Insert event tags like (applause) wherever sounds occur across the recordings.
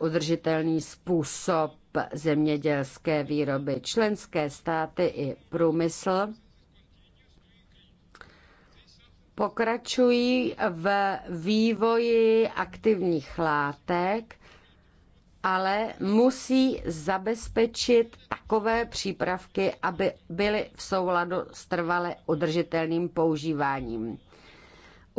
udržitelný způsob zemědělské výroby. Členské státy i průmysl pokračují v vývoji aktivních látek, ale musí zabezpečit takové přípravky, aby byly v souladu s trvale udržitelným používáním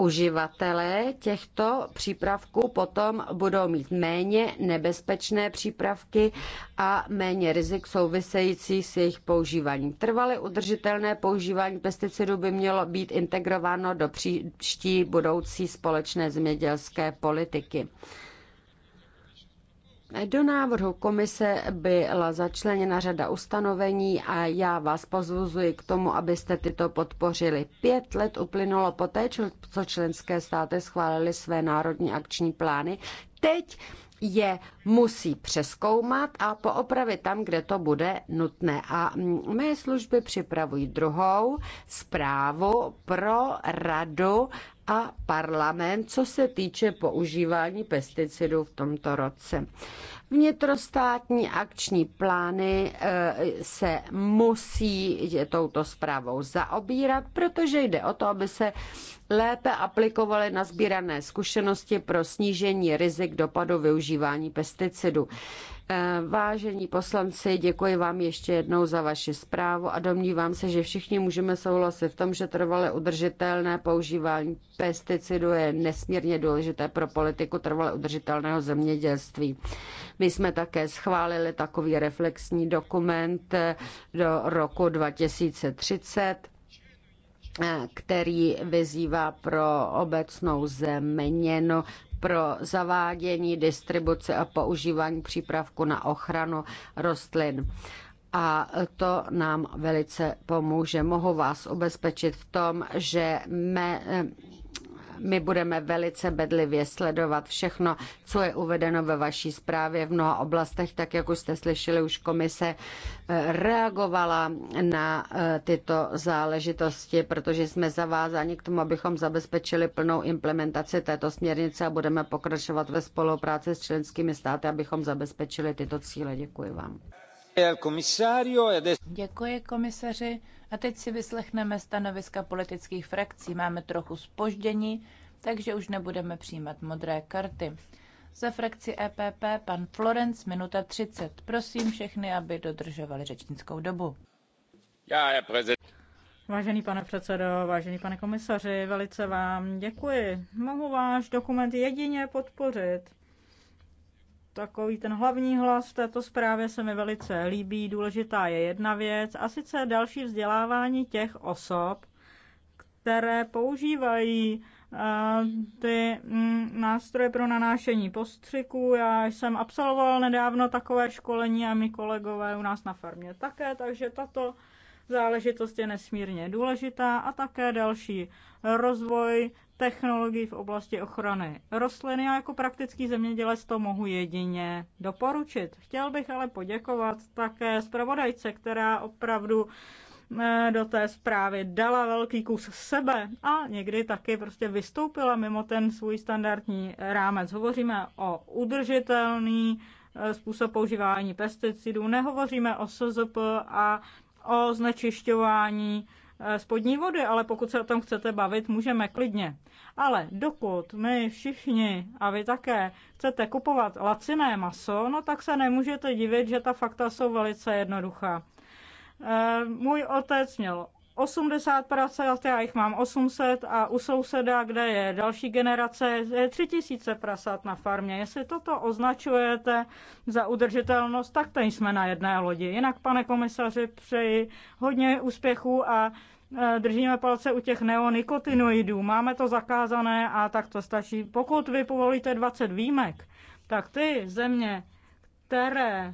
uživatelé těchto přípravků potom budou mít méně nebezpečné přípravky a méně rizik související s jejich používáním. Trvale udržitelné používání pesticidů by mělo být integrováno do příští budoucí společné zemědělské politiky. Do návrhu komise byla začleněna řada ustanovení a já vás pozvuzuji k tomu, abyste tyto podpořili. Pět let uplynulo poté, co členské státy schválili své národní akční plány. Teď je musí přeskoumat a poopravit tam, kde to bude nutné. A mé služby připravují druhou zprávu pro radu a parlament, co se týče používání pesticidů v tomto roce. Vnitrostátní akční plány eh, se musí touto zprávou zaobírat, protože jde o to, aby se lépe aplikovaly na sbírané zkušenosti pro snížení rizik dopadu využívání pesticidů. Vážení poslanci, děkuji vám ještě jednou za vaši zprávu a domnívám se, že všichni můžeme souhlasit v tom, že trvale udržitelné používání pesticidů je nesmírně důležité pro politiku trvale udržitelného zemědělství. My jsme také schválili takový reflexní dokument do roku 2030 který vyzývá pro obecnou změnu pro zavádění distribuce a používání přípravku na ochranu rostlin a to nám velice pomůže. Mohu vás ubezpečit v tom, že mé my budeme velice bedlivě sledovat všechno, co je uvedeno ve vaší zprávě v mnoha oblastech, tak jak už jste slyšeli, už komise eh, reagovala na eh, tyto záležitosti, protože jsme zavázáni k tomu, abychom zabezpečili plnou implementaci této směrnice a budeme pokračovat ve spolupráci s členskými státy, abychom zabezpečili tyto cíle. Děkuji vám. Děkuji komisaři. A teď si vyslechneme stanoviska politických frakcí. Máme trochu spoždění, takže už nebudeme přijímat modré karty. Za frakci EPP pan Florenc, minuta 30. Prosím všechny, aby dodržovali řečnickou dobu. Já, je prezident. Vážený pane předsedo, vážený pane komisaři, velice vám děkuji. Mohu váš dokument jedině podpořit takový ten hlavní hlas v této zprávě se mi velice líbí. Důležitá je jedna věc, a sice další vzdělávání těch osob, které používají eh, ty mm, nástroje pro nanášení postřiků. Já jsem absolvoval nedávno takové školení a my kolegové u nás na farmě také, takže tato záležitost je nesmírně důležitá a také další rozvoj technologií v oblasti ochrany rostlin. Já jako praktický zemědělec to mohu jedině doporučit. Chtěl bych ale poděkovat také zpravodajce, která opravdu eh, do té zprávy dala velký kus sebe a někdy taky prostě vystoupila mimo ten svůj standardní rámec. Hovoříme o udržitelný eh, způsob používání pesticidů, nehovoříme o SZP a o znečišťování Eh, spodní vody, ale pokud se o tom chcete bavit, můžeme klidně. Ale dokud my všichni a vy také chcete kupovat laciné maso, no tak se nemůžete divit, že ta fakta jsou velice jednoduchá. Eh, můj otec měl 80%, já jich mám 800 a u souseda, kde je další generace, je 3000 prasat na farmě. Jestli toto označujete za udržitelnost, tak tady jsme na jedné lodi. Jinak, pane komisaři, přeji hodně úspěchů a e, držíme palce u těch neonikotinoidů. Máme to zakázané a tak to stačí. Pokud vy povolíte 20 výjimek, tak ty země, které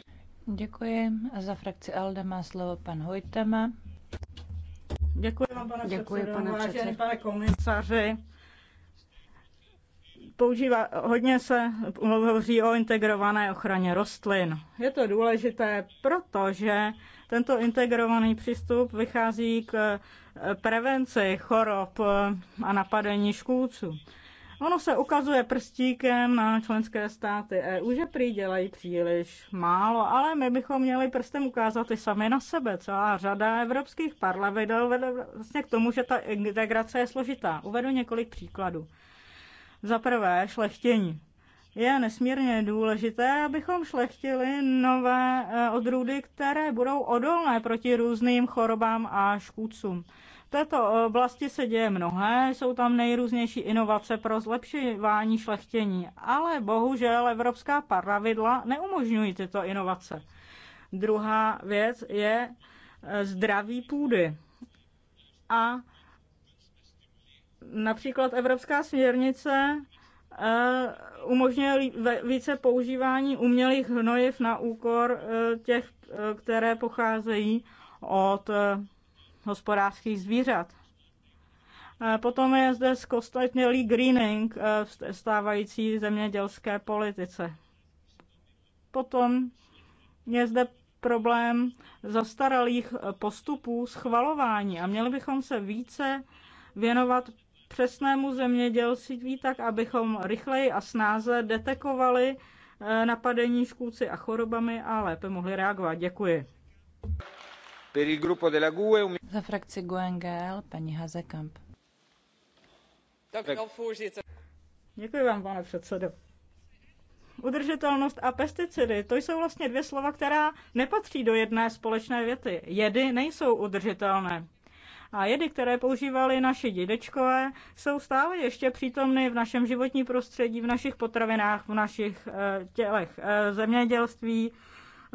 Děkuji. A za frakci ALDE má slovo pan Hojtema. Děkuji vám, pane Děkuji, předsedo. Pane Vážený pane komisaři, používá, hodně se hovoří o integrované ochraně rostlin. Je to důležité, protože tento integrovaný přístup vychází k prevenci chorob a napadení škůdců. Ono se ukazuje prstíkem na členské státy EU, že prý dělají příliš málo, ale my bychom měli prstem ukázat i sami na sebe. Celá řada evropských parlamentů vede vlastně k tomu, že ta integrace je složitá. Uvedu několik příkladů. Za prvé, šlechtění. Je nesmírně důležité, abychom šlechtili nové eh, odrůdy, které budou odolné proti různým chorobám a škůdcům této oblasti se děje mnohé, jsou tam nejrůznější inovace pro zlepšování šlechtění, ale bohužel evropská pravidla neumožňují tyto inovace. Druhá věc je eh, zdraví půdy. A například Evropská směrnice eh, umožňuje více používání umělých hnojiv na úkor eh, těch, které pocházejí od hospodářských zvířat. Potom je zde zkostnatělý greening eh, v stávající zemědělské politice. Potom je zde problém zastaralých postupů schvalování a měli bychom se více věnovat přesnému zemědělství tak, abychom rychleji a snáze detekovali eh, napadení škůdci a chorobami a lépe mohli reagovat. Děkuji. Za frakci Guengel, paní Hazekamp. Tak, tak. No, Děkuji vám, pane předsedo. Udržitelnost a pesticidy, to jsou vlastně dvě slova, která nepatří do jedné společné věty. Jedy nejsou udržitelné. A jedy, které používali naši dědečkové, jsou stále ještě přítomny v našem životním prostředí, v našich potravinách, v našich eh, tělech. Eh, zemědělství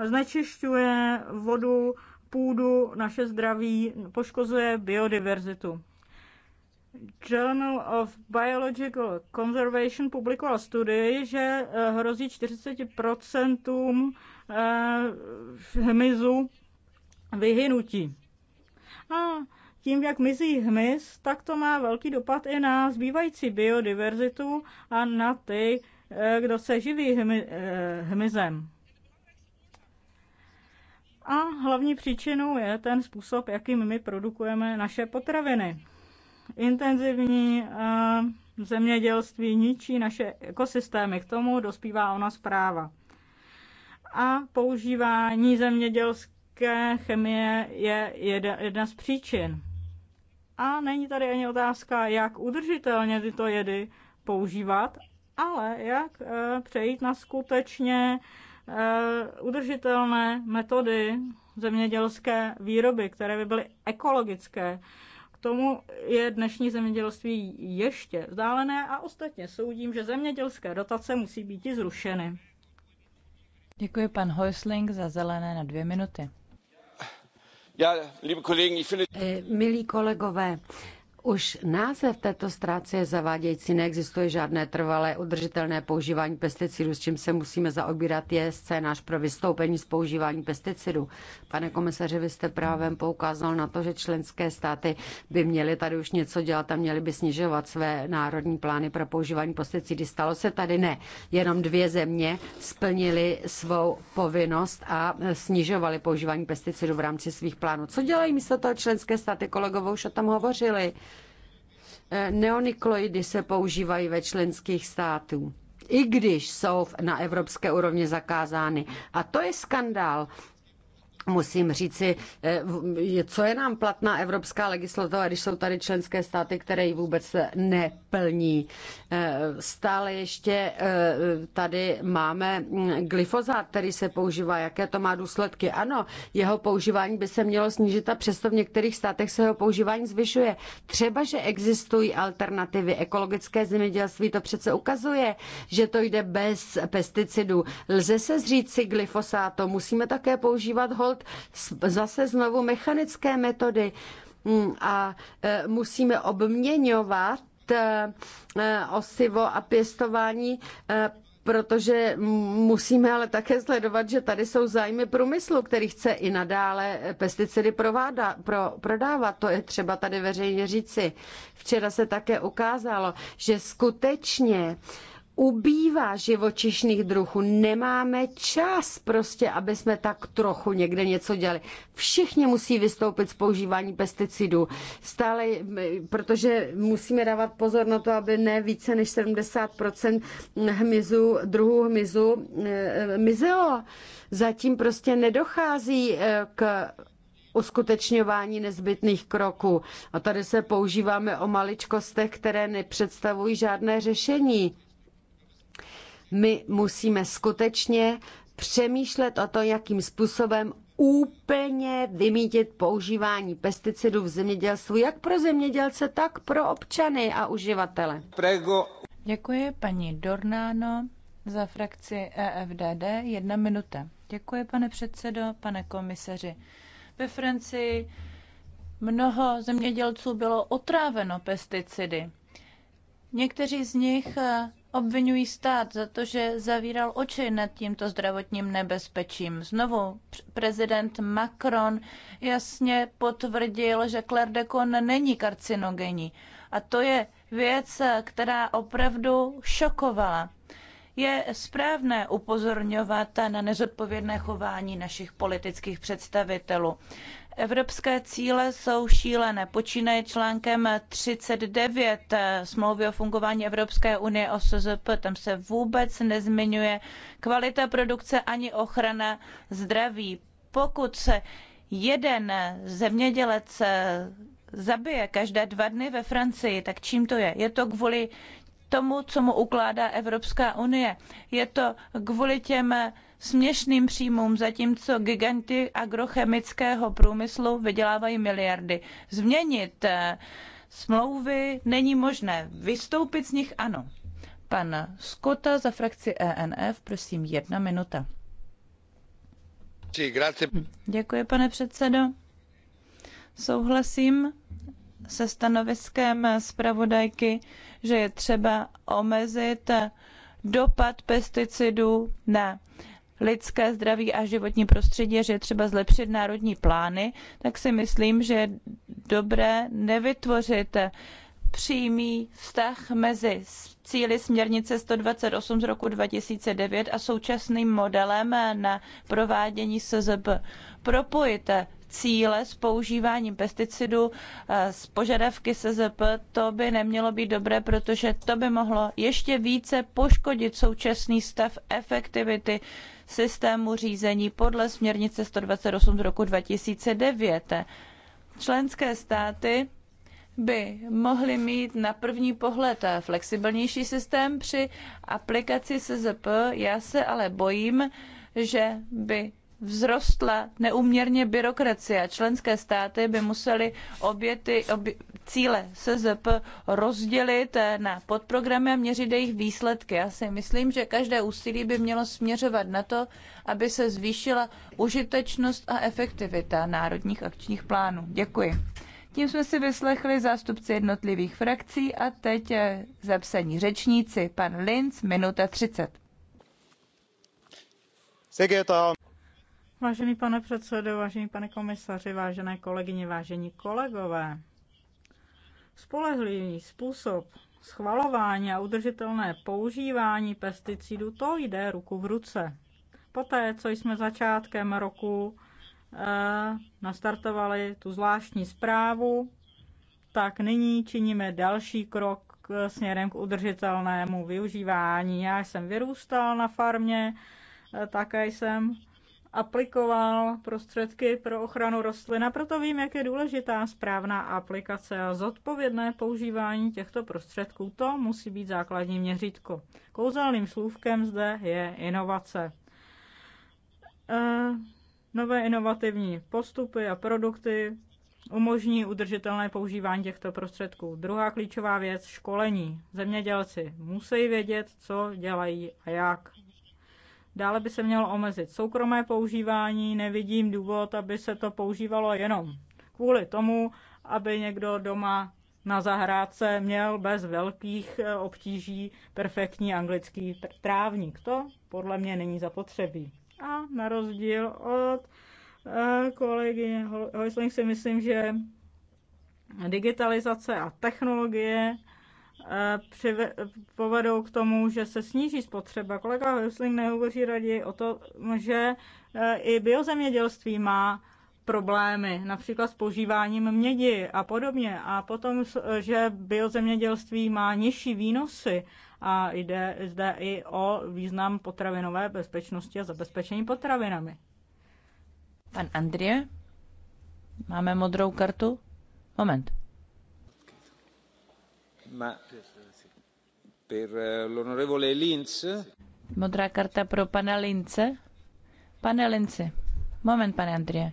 znečišťuje vodu, půdu, naše zdraví, poškozuje biodiverzitu. Journal of Biological Conservation publikoval studii, že eh, hrozí 40% eh, hmyzu vyhynutí. A no, tím, jak mizí hmyz, tak to má velký dopad i na zbývající biodiverzitu a na ty, eh, kdo se živí hmyzem. A hlavní příčinou je ten způsob, jakým my produkujeme naše potraviny. Intenzivní eh, zemědělství ničí naše ekosystémy, k tomu dospívá ona zpráva. A používání zemědělské chemie je jedna z příčin. A není tady ani otázka, jak udržitelně tyto jedy používat, ale jak eh, přejít na skutečně Eh, udržitelné metody zemědělské výroby, které by byly ekologické. K tomu je dnešní zemědělství ještě vzdálené a ostatně soudím, že zemědělské dotace musí být i zrušeny. Děkuji pan Heusling za zelené na dvě minuty. liebe Kollegen, ich finde... Eh, milí kolegové, už název této ztráce je zavádějící, neexistuje žádné trvalé udržitelné používání pesticidů, s čím se musíme zaobírat, je scénář pro vystoupení z používání pesticidů. Pane komisaři, vy jste právě poukázal na to, že členské státy by měly tady už něco dělat a měly by snižovat své národní plány pro používání pesticidů. Stalo se tady ne. Jenom dvě země splnily svou povinnost a snižovaly používání pesticidů v rámci svých plánů. Co dělají místo toho členské státy? Kolegové už o tom hovořili. Eh, neonikloidy se používají ve členských států i když jsou na evropské úrovni zakázány. A to je skandál. Musím říci, eh, co je nám platná evropská legislativa, když jsou tady členské státy, které ji vůbec neplní. Eh, stále ještě eh, tady máme mm, glyfozát, který se používá. Jaké to má důsledky? Ano, jeho používání by se mělo snížit a přesto v některých státech se jeho používání zvyšuje. Třeba, že existují alternativy. Ekologické zemědělství to přece ukazuje, že to jde bez pesticidů. Lze se zříct si glyfosátu. Musíme také používat hol život zase znovu mechanické metody mm, a e, musíme obměňovat e, e, osivo a pěstování protože musíme ale také sledovat, že tady jsou zájmy průmyslu, který chce i nadále pesticidy prováda, pro, prodávat. To je třeba tady veřejně říci. Včera se také ukázalo, že skutečně eh, ubývá živočišných druhů. Nemáme čas prostě, aby jsme tak trochu někde něco dělali. Všichni musí vystoupit z používání pesticidů. Stále, protože musíme dávat pozor na to, aby ne více než 70% hmyzu, druhů hmyzu eh, mizelo. Zatím prostě nedochází eh, k uskutečňování nezbytných kroků. A tady se používáme o maličkostech, které nepředstavují žádné řešení my musíme skutečně přemýšlet o tom, jakým způsobem úplně vymítit používání pesticidů v zemědělství, jak pro zemědělce, tak pro občany a uživatele. Prego. Děkuji paní Dornáno za frakci EFDD. Jedna minuta. Děkuji, pane předsedo, pane komisaři. Ve Francii mnoho zemědělců bylo otráveno pesticidy. Někteří z nich obvinují stát za to, že zavíral oči nad tímto zdravotním nebezpečím. Znovu prezident Macron jasně potvrdil, že Klerdekon není karcinogenní. A to je věc, která opravdu šokovala. Je správné upozorňovat na nezodpovědné chování našich politických představitelů. Evropské cíle jsou šílené. Počínaje článkem 39 eh, smlouvy o fungování Evropské unie o SZP. Tam se vůbec nezmiňuje kvalita produkce ani ochrana zdraví. Pokud se jeden zemědělec eh, zabije každé dva dny ve Francii, tak čím to je? Je to kvůli tomu, co mu ukládá Evropská unie. Je to kvůli těm eh, směšným příjmům, zatímco giganty agrochemického průmyslu vydělávají miliardy. Změnit eh, smlouvy není možné, vystoupit z nich ano. Pan Skota za frakci ENF, prosím, jedna minuta. Děkuji, pane předsedo. Souhlasím se stanoviskem zpravodajky, že je třeba omezit dopad pesticidů na lidské zdraví a životní prostředí, že je třeba zlepšit národní plány, tak si myslím, že je dobré nevytvořit přímý vztah mezi cíly směrnice 128 z roku 2009 a současným modelem na provádění SZB. Propojit cíle s používáním pesticidů eh, z požadavky SZP, to by nemělo být dobré, protože to by mohlo ještě více poškodit současný stav efektivity systému řízení podle směrnice 128 z roku 2009. Členské státy by mohly mít na první pohled flexibilnější systém při aplikaci SZP. Já se ale bojím, že by vzrostla neuměrně byrokracie a členské státy by musely obě ty obě, cíle SZP rozdělit eh, na podprogramy a měřit jejich výsledky. Já si myslím, že každé úsilí by mělo směřovat na to, aby se zvýšila užitečnost a efektivita národních akčních plánů. Děkuji. Tím jsme si vyslechli zástupci jednotlivých frakcí a teď eh, zapsaní řečníci. Pan Linz, minuta 30. Sehr Vážený pane předsedo, vážený pane komisaři, vážené kolegyně, vážení kolegové, spolehlivý způsob schvalování a udržitelné používání pesticidů, to jde ruku v ruce. Poté, co jsme začátkem roku eh, nastartovali tu zvláštní zprávu, tak nyní činíme další krok směrem k udržitelnému využívání. Já jsem vyrůstal na farmě, eh, také jsem aplikoval prostředky pro ochranu rostlin a proto vím, jak je důležitá správná aplikace a zodpovědné používání těchto prostředků. To musí být základní měřítko. Kouzelným slůvkem zde je inovace. E, nové inovativní postupy a produkty umožní udržitelné používání těchto prostředků. Druhá klíčová věc školení. Zemědělci musí vědět, co dělají a jak. Dále by se mělo omezit soukromé používání, nevidím důvod, aby se to používalo jenom kvůli tomu, aby někdo doma na zahrádce měl bez velkých eh, obtíží perfektní anglický trávník. To podle mě není zapotřebí. A na rozdíl od eh, kolegy Hojsling si myslím, že digitalizace a technologie povedou k tomu, že se sníží spotřeba. Kolega Hösling nehovoří raději o tom, že e, i biozemědělství má problémy, například s používáním mědi a podobně. A potom, že biozemědělství má nižší výnosy a jde zde i o význam potravinové bezpečnosti a zabezpečení potravinami. Pan Andrie, máme modrou kartu? Moment. Ma... Eh, Modrá karta pro pana Lince. Pane Lince, moment, pane Andrie.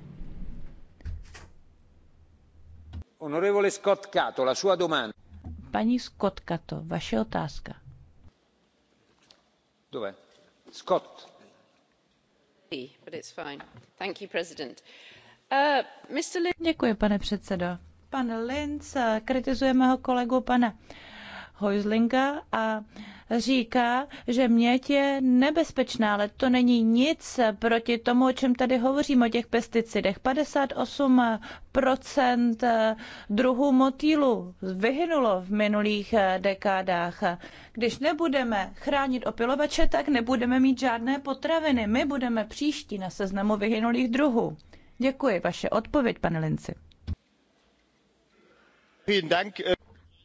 Onorevole Scott Cato, la sua domanda. Paní Scott Cato, vaše otázka. Dove? Scott. But it's fine. Thank you, President. Uh, Mr. Děkuji, pane předsedo. Pan Lince, eh, kritizujeme ho kolegu pana Heuslinga a říká, že měď je nebezpečná, ale to není nic proti tomu, o čem tady hovořím, o těch pesticidech. 58% druhů motýlu vyhynulo v minulých dekádách. Když nebudeme chránit opilovače, tak nebudeme mít žádné potraviny. My budeme příští na seznamu vyhynulých druhů. Děkuji, vaše odpověď, pane Linci.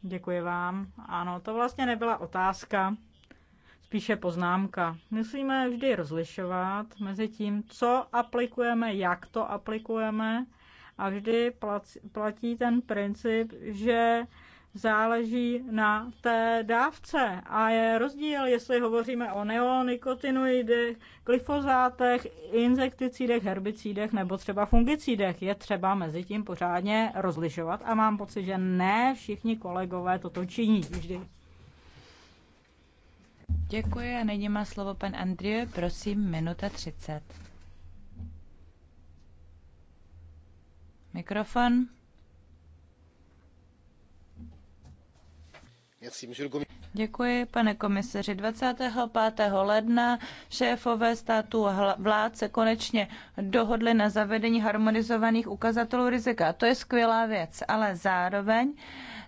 Děkuji vám. Ano, to vlastně nebyla otázka, spíše poznámka. Musíme vždy rozlišovat mezi tím, co aplikujeme, jak to aplikujeme a vždy platí ten princip, že záleží na té dávce a je rozdíl, jestli hovoříme o neonikotinoidech, glyfozátech, insekticidech, herbicidech nebo třeba fungicidech. Je třeba mezi tím pořádně rozlišovat a mám pocit, že ne všichni kolegové toto činí vždy. Děkuji a nyní má slovo pan Andrie, prosím, minuta 30. Mikrofon. Děkuji, pane komisaři. 25. ledna šéfové států a vlád se konečně dohodli na zavedení harmonizovaných ukazatelů rizika. To je skvělá věc, ale zároveň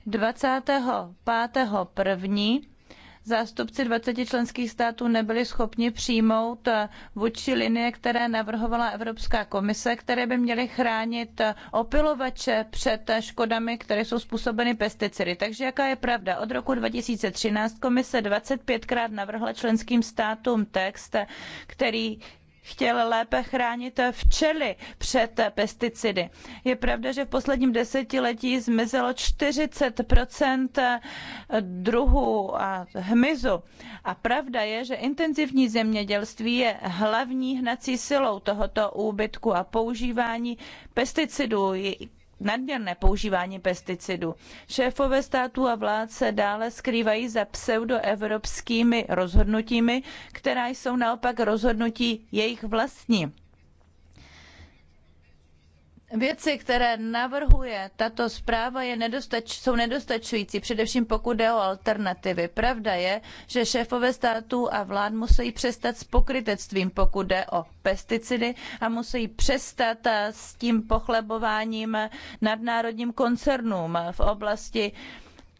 25. první zástupci 20 členských států nebyli schopni přijmout eh, vůči linie, které navrhovala Evropská komise, které by měly chránit eh, opilovače před eh, škodami, které jsou způsobeny pesticidy. Takže jaká je pravda? Od roku 2013 komise 25krát navrhla členským státům text, který chtěl lépe chránit včely před pesticidy. Je pravda, že v posledním desetiletí zmizelo 40 druhů a hmyzu. A pravda je, že intenzivní zemědělství je hlavní hnací silou tohoto úbytku a používání pesticidů nadměrné používání pesticidů. Šéfové států a vlád se dále skrývají za pseudoevropskými rozhodnutími, která jsou naopak rozhodnutí jejich vlastní Věci, které navrhuje tato zpráva, je nedostač, jsou nedostačující, především pokud jde o alternativy. Pravda je, že šéfové států a vlád musí přestat s pokrytectvím, pokud jde o pesticidy a musí přestat s tím pochlebováním nadnárodním koncernům v oblasti uh,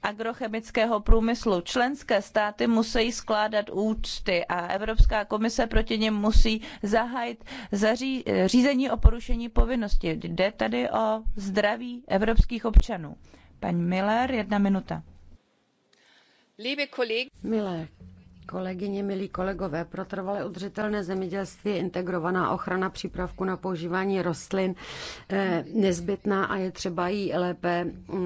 agrochemického průmyslu. Členské státy musejí skládat účty a Evropská komise proti nim musí zahájit řízení o porušení povinnosti. Jde tady o zdraví evropských občanů. Paní Miller, jedna minuta. Milé Kolegyně, milí kolegové, pro trvalé udržitelné zemědělství je integrovaná ochrana přípravku na používání rostlin eh, nezbytná a je třeba ji lépe eh,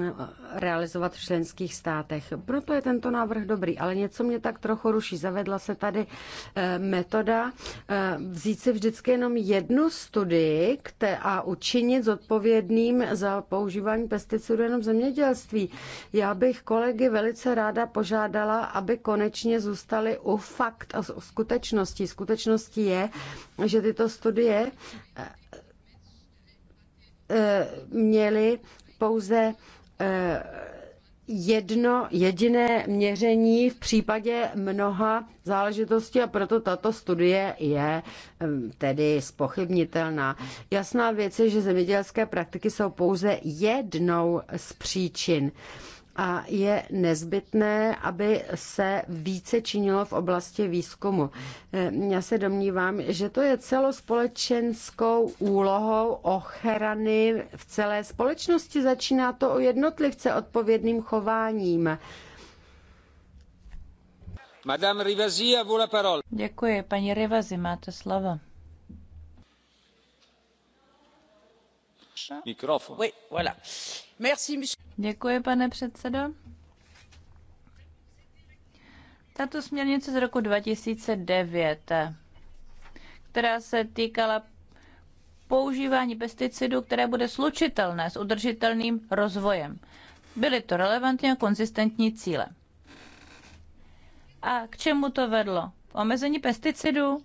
realizovat v členských státech. Proto je tento návrh dobrý, ale něco mě tak trochu ruší. Zavedla se tady eh, metoda vzít si vždycky jenom jednu studii a učinit zodpovědným za používání pesticidů jenom zemědělství. Já bych kolegy velice ráda požádala, aby konečně zůstali O fakt a skutečnosti, Skutečností je, že tyto studie eh, eh, měly pouze eh, jedno jediné měření v případě mnoha záležitostí a proto tato studie je tedy spochybnitelná. Jasná věc je, že zemědělské praktiky jsou pouze jednou z příčin a je nezbytné, aby se více činilo v oblasti výzkumu. Eh, já se domnívám, že to je celospolečenskou úlohou ochrany v celé společnosti. Začíná to o jednotlivce odpovědným chováním. Madame vous la parole. Děkuji. Paní Rivazi, máte slovo. Mikrofon. Oui, voilà. Merci, monsieur Děkuji, pane předsedo. Tato směrnice z roku 2009, která se týkala používání pesticidů, které bude slučitelné s udržitelným rozvojem. Byly to relevantní a konzistentní cíle. A k čemu to vedlo? K omezení pesticidů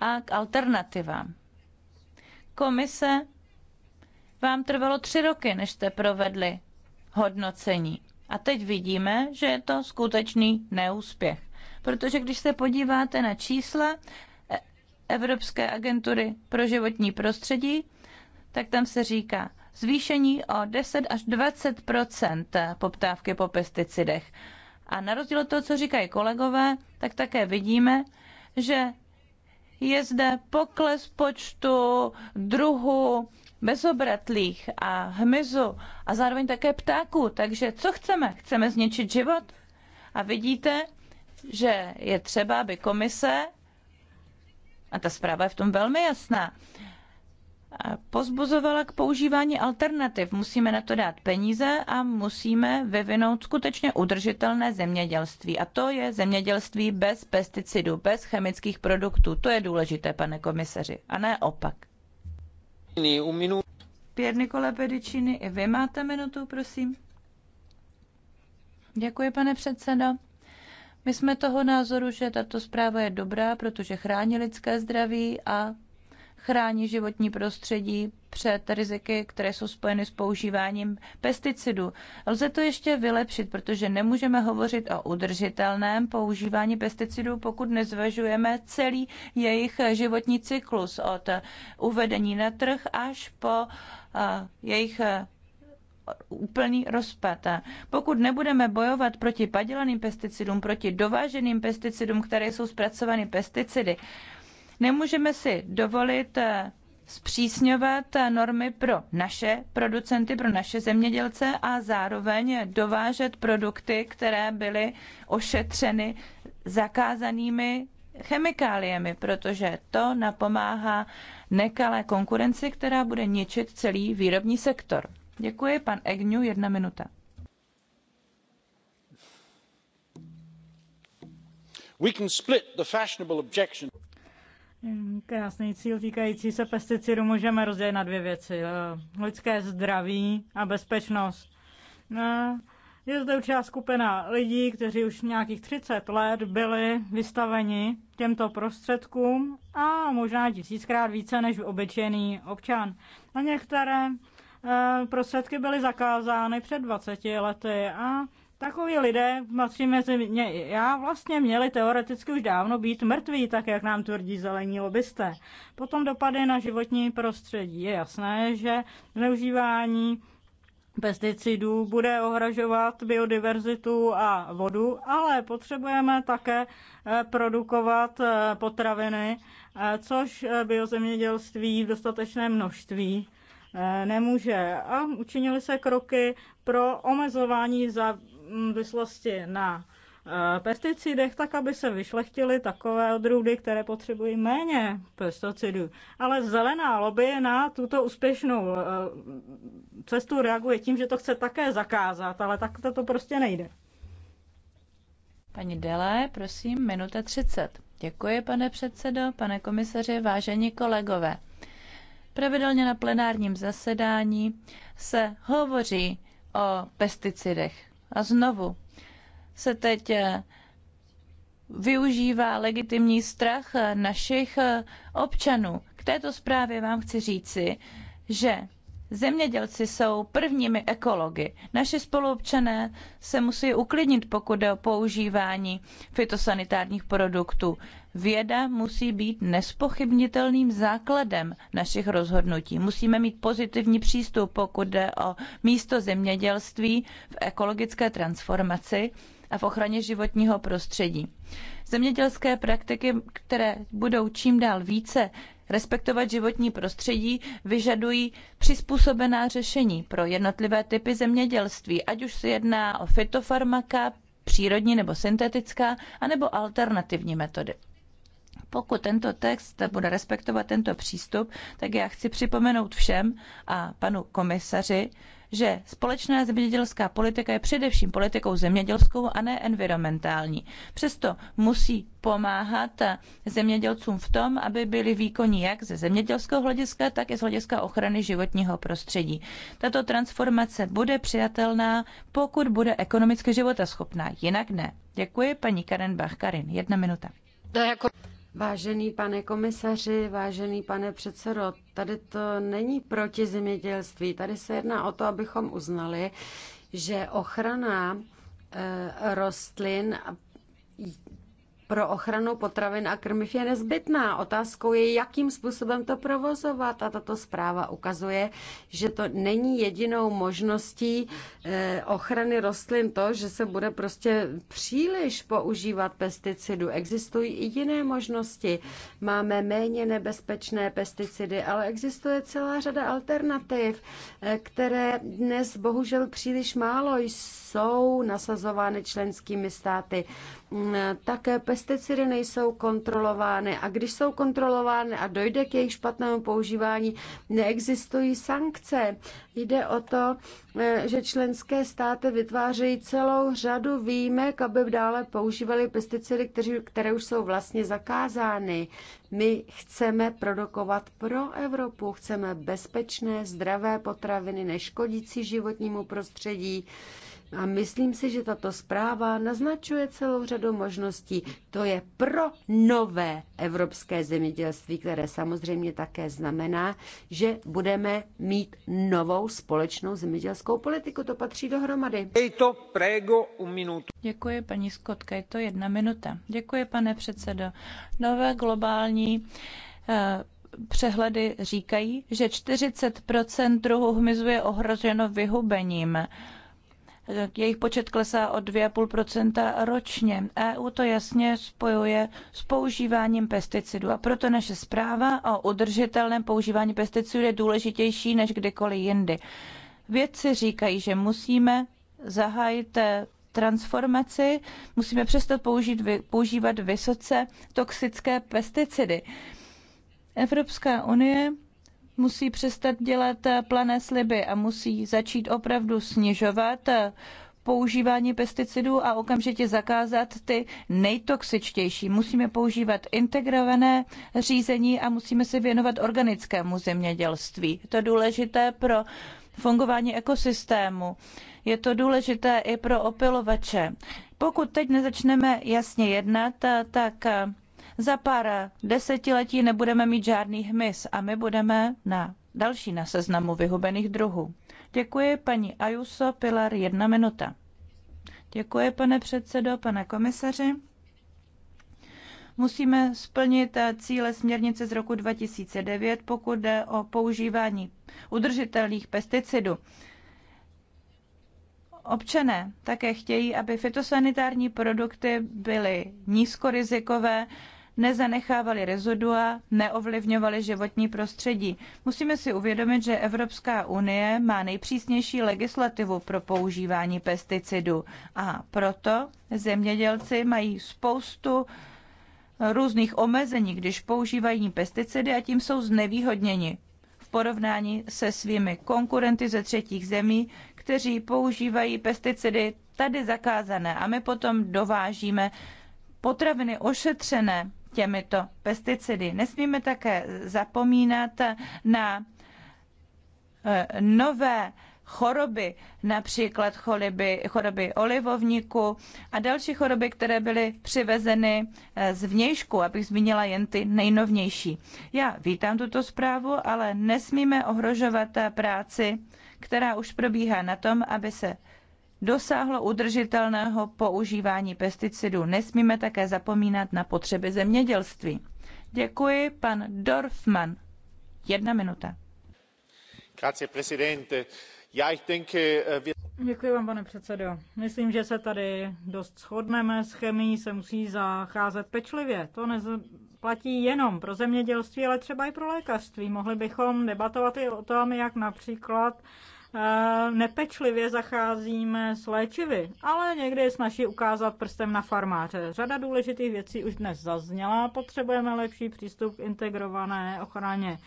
a k alternativám. Komise vám trvalo tři roky, než jste provedli hodnocení. A teď vidíme, že je to skutečný neúspěch. Protože když se podíváte na čísla e, Evropské agentury pro životní prostředí, tak tam se říká zvýšení o 10 až 20 poptávky po pesticidech. A na rozdíl od toho, co říkají kolegové, tak také vidíme, že je zde pokles počtu druhů bezobratlých a hmyzu a zároveň také ptáků. Takže co chceme? Chceme zničit život? A vidíte, že je třeba, aby komise, a ta zpráva je v tom velmi jasná, pozbuzovala k používání alternativ. Musíme na to dát peníze a musíme vyvinout skutečně udržitelné zemědělství. A to je zemědělství bez pesticidů, bez chemických produktů. To je důležité, pane komisaři, a ne opak. Pěr Nikole Pedicini, i vy máte minutu, prosím. Děkuji, pane předsedo. My jsme toho názoru, že tato zpráva je dobrá, protože chrání lidské zdraví a chrání životní prostředí před riziky, které jsou spojeny s používáním pesticidů. Lze to ještě vylepšit, protože nemůžeme hovořit o udržitelném používání pesticidů, pokud nezvažujeme celý jejich životní cyklus od uvedení na trh až po jejich úplný rozpad. Pokud nebudeme bojovat proti padělaným pesticidům, proti dováženým pesticidům, které jsou zpracovány pesticidy, Nemůžeme si dovolit eh, zpřísňovat eh, normy pro naše producenty, pro naše zemědělce a zároveň dovážet produkty, které byly ošetřeny zakázanými chemikáliemi, protože to napomáhá nekalé konkurenci, která bude ničit celý výrobní sektor. Děkuji, pan Egňu, jedna minuta. We can split the fashionable objection. Hm, krásný cíl týkající se pesticidů můžeme rozdělit na dvě věci. Eh, lidské zdraví a bezpečnost. Eh, je zde určitá skupina lidí, kteří už nějakých 30 let byli vystaveni těmto prostředkům a možná tisíckrát více než obyčejný občan. A některé eh, prostředky byly zakázány před 20 lety a Takoví lidé, patří mezi mě, já vlastně měli teoreticky už dávno být mrtví, tak jak nám tvrdí zelení lobbysté. Potom dopady na životní prostředí. Je jasné, že zneužívání pesticidů bude ohrožovat biodiverzitu a vodu, ale potřebujeme také eh, produkovat eh, potraviny, eh, což biozemědělství v dostatečné množství nemůže. A učinili se kroky pro omezování za souvislosti na eh, pesticidech, tak aby se vyšlechtily takové odrůdy, které potřebují méně pesticidů. Ale zelená lobby na tuto úspěšnou eh, cestu reaguje tím, že to chce také zakázat, ale tak to, to prostě nejde. Paní Dele, prosím, minuta 30. Děkuji, pane předsedo, pane komisaři, vážení kolegové. Pravidelně na plenárním zasedání se hovoří o pesticidech a znovu se teď eh, využívá legitimní strach eh, našich eh, občanů. K této zprávě vám chci říci, že Zemědělci jsou prvními ekology. Naši spoluobčané se musí uklidnit, pokud jde o používání fitosanitárních produktů. Věda musí být nespochybnitelným základem našich rozhodnutí. Musíme mít pozitivní přístup, pokud jde o místo zemědělství v ekologické transformaci a v ochraně životního prostředí zemědělské praktiky, které budou čím dál více respektovat životní prostředí, vyžadují přizpůsobená řešení pro jednotlivé typy zemědělství, ať už se jedná o fitofarmaka, přírodní nebo syntetická, anebo alternativní metody. Pokud tento text bude respektovat tento přístup, tak já chci připomenout všem a panu komisaři, že společná zemědělská politika je především politikou zemědělskou a ne environmentální. Přesto musí pomáhat zemědělcům v tom, aby byli výkonní jak ze zemědělského hlediska, tak i z hlediska ochrany životního prostředí. Tato transformace bude přijatelná, pokud bude ekonomicky životaschopná, jinak ne. Děkuji paní Karen Bach-Karin. Jedna minuta. Vážený pane komisaři, vážený pane předsedo, tady to není proti zemědělství, tady se jedná o to, abychom uznali, že ochrana eh, rostlin pro ochranu potravin a krmiv je nezbytná. Otázkou je, jakým způsobem to provozovat. A tato zpráva ukazuje, že to není jedinou možností eh, ochrany rostlin to, že se bude prostě příliš používat pesticidu. Existují i jiné možnosti. Máme méně nebezpečné pesticidy, ale existuje celá řada alternativ, eh, které dnes bohužel příliš málo jsou nasazovány členskými státy. Mm, také pesticidy pesticidy nejsou kontrolovány a když jsou kontrolovány a dojde k jejich špatnému používání, neexistují sankce. Jde o to, eh, že členské státy vytvářejí celou řadu výjimek, aby dále používali pesticidy, které už jsou vlastně zakázány. My chceme produkovat pro Evropu, chceme bezpečné, zdravé potraviny, neškodící životnímu prostředí. A myslím si, že tato zpráva naznačuje celou řadu možností. To je pro nové evropské zemědělství, které samozřejmě také znamená, že budeme mít novou společnou zemědělskou politiku. To patří dohromady. to prego, un minuto. Děkuji, paní Skotka, je to jedna minuta. Děkuji, pane předsedo. Nové globální eh, přehledy říkají, že 40 druhů hmyzu je ohroženo vyhubením. Jejich počet klesá o 2,5 ročně. EU to jasně spojuje s používáním pesticidů a proto naše zpráva o udržitelném používání pesticidů je důležitější než kdykoliv jindy. Vědci říkají, že musíme zahájit eh, transformaci, musíme přestat použít, používat vysoce toxické pesticidy. Evropská unie musí přestat dělat plané sliby a musí začít opravdu snižovat používání pesticidů a okamžitě zakázat ty nejtoxičtější. Musíme používat integrované řízení a musíme se věnovat organickému zemědělství. To je důležité pro fungování ekosystému. Je to důležité i pro opilovače. Pokud teď nezačneme jasně jednat, tak za pár desetiletí nebudeme mít žádný hmyz a my budeme na další na seznamu vyhubených druhů. Děkuji paní Ayuso Pilar, jedna minuta. Děkuji, pane předsedo, pane komisaři musíme splnit cíle směrnice z roku 2009, pokud jde o používání udržitelných pesticidů. Občané také chtějí, aby fitosanitární produkty byly nízkorizikové nezanechávali rezidua, neovlivňovali životní prostředí. Musíme si uvědomit, že Evropská unie má nejpřísnější legislativu pro používání pesticidů a proto zemědělci mají spoustu různých omezení, když používají pesticidy a tím jsou znevýhodněni v porovnání se svými konkurenty ze třetích zemí, kteří používají pesticidy tady zakázané a my potom dovážíme potraviny ošetřené těmito pesticidy. Nesmíme také zapomínat na e, nové choroby, například choroby, choroby olivovníku a další choroby, které byly přivezeny e, z vnějšku, abych zmínila jen ty nejnovější. Já vítám tuto zprávu, ale nesmíme ohrožovat práci, která už probíhá na tom, aby se dosáhlo udržitelného používání pesticidů. Nesmíme také zapomínat na potřeby zemědělství. Děkuji, pan Dorfman. Jedna minuta. Eh, Děkuji vám, pane předsedo. Myslím, že se tady dost shodneme. S chemií se musí zacházet pečlivě. To platí jenom pro zemědělství, ale třeba i pro lékařství. Mohli bychom debatovat i o tom, jak například Eh, nepečlivě zacházíme s léčivy, ale někdy je snaží ukázat prstem na farmáře. Řada důležitých věcí už dnes zazněla, potřebujeme lepší přístup k integrované ochraně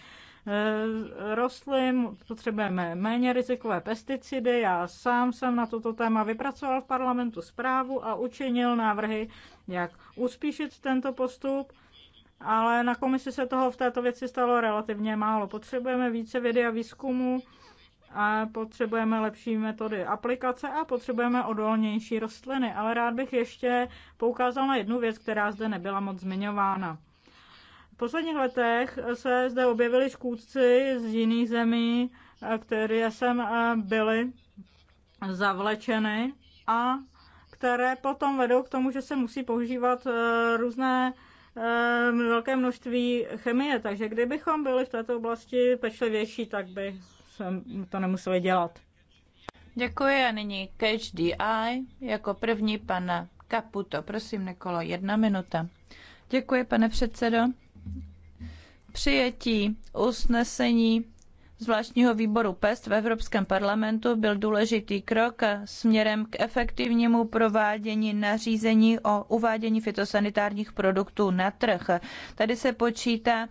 eh, rostlin, potřebujeme méně rizikové pesticidy. Já sám jsem na toto téma vypracoval v parlamentu zprávu a učinil návrhy, jak uspíšit tento postup, ale na komisi se toho v této věci stalo relativně málo. Potřebujeme více vědy a výzkumu, a potřebujeme lepší metody aplikace a potřebujeme odolnější rostliny. Ale rád bych ještě poukázal na jednu věc, která zde nebyla moc zmiňována. V posledních letech se zde objevili škůdci z jiných zemí, které sem eh, byly zavlečeny a které potom vedou k tomu, že se musí používat eh, různé eh, velké množství chemie. Takže kdybychom byli v této oblasti pečlivější, tak by jsme to nemuseli dělat. Děkuji a nyní KHDI Jako první pana Kaputo. Prosím, Nikolo, jedna minuta. Děkuji, pane předsedo. Přijetí usnesení zvláštního výboru PEST v Evropském parlamentu byl důležitý krok směrem k efektivnímu provádění nařízení o uvádění fitosanitárních produktů na trh. Tady se počítá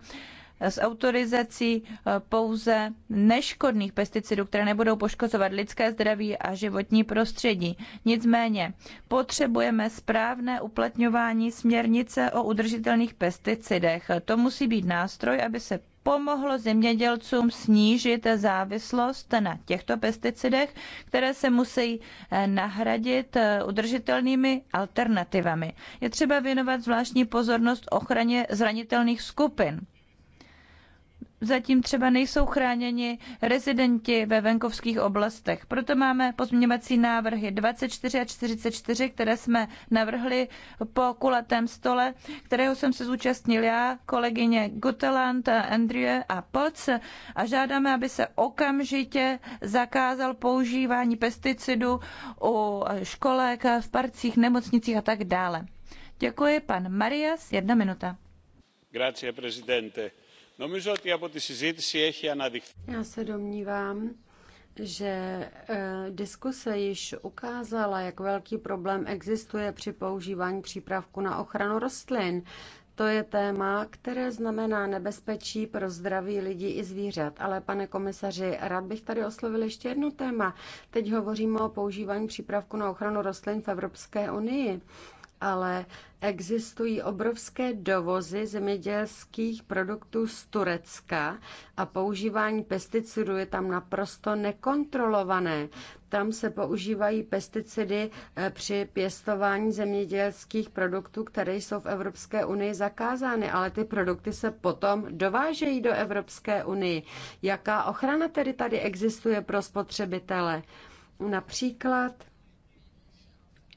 s autorizací eh, pouze neškodných pesticidů, které nebudou poškozovat lidské zdraví a životní prostředí. Nicméně potřebujeme správné uplatňování směrnice o udržitelných pesticidech. To musí být nástroj, aby se pomohlo zemědělcům snížit závislost na těchto pesticidech, které se musí eh, nahradit eh, udržitelnými alternativami. Je třeba věnovat zvláštní pozornost ochraně zranitelných skupin zatím třeba nejsou chráněni rezidenti ve venkovských oblastech. Proto máme pozměňovací návrhy 24 a 44, které jsme navrhli po kulatém stole, kterého jsem se zúčastnil já, kolegyně Guteland, Andrie a Poc a žádáme, aby se okamžitě zakázal používání pesticidů u školek, v parcích, nemocnicích a tak dále. Děkuji, pan Marias, jedna minuta. Grazie, presidente já se domnívám, že eh, diskuse již ukázala, jak velký problém existuje při používání přípravku na ochranu rostlin. To je téma, které znamená nebezpečí pro zdraví lidí i zvířat. Ale pane komisaři, rád bych tady oslovil ještě jedno téma. Teď hovoříme o používání přípravku na ochranu rostlin v Evropské unii ale existují obrovské dovozy zemědělských produktů z Turecka a používání pesticidů je tam naprosto nekontrolované. Tam se používají pesticidy eh, při pěstování zemědělských produktů, které jsou v Evropské unii zakázány, ale ty produkty se potom dovážejí do Evropské unii. Jaká ochrana tedy tady existuje pro spotřebitele? Například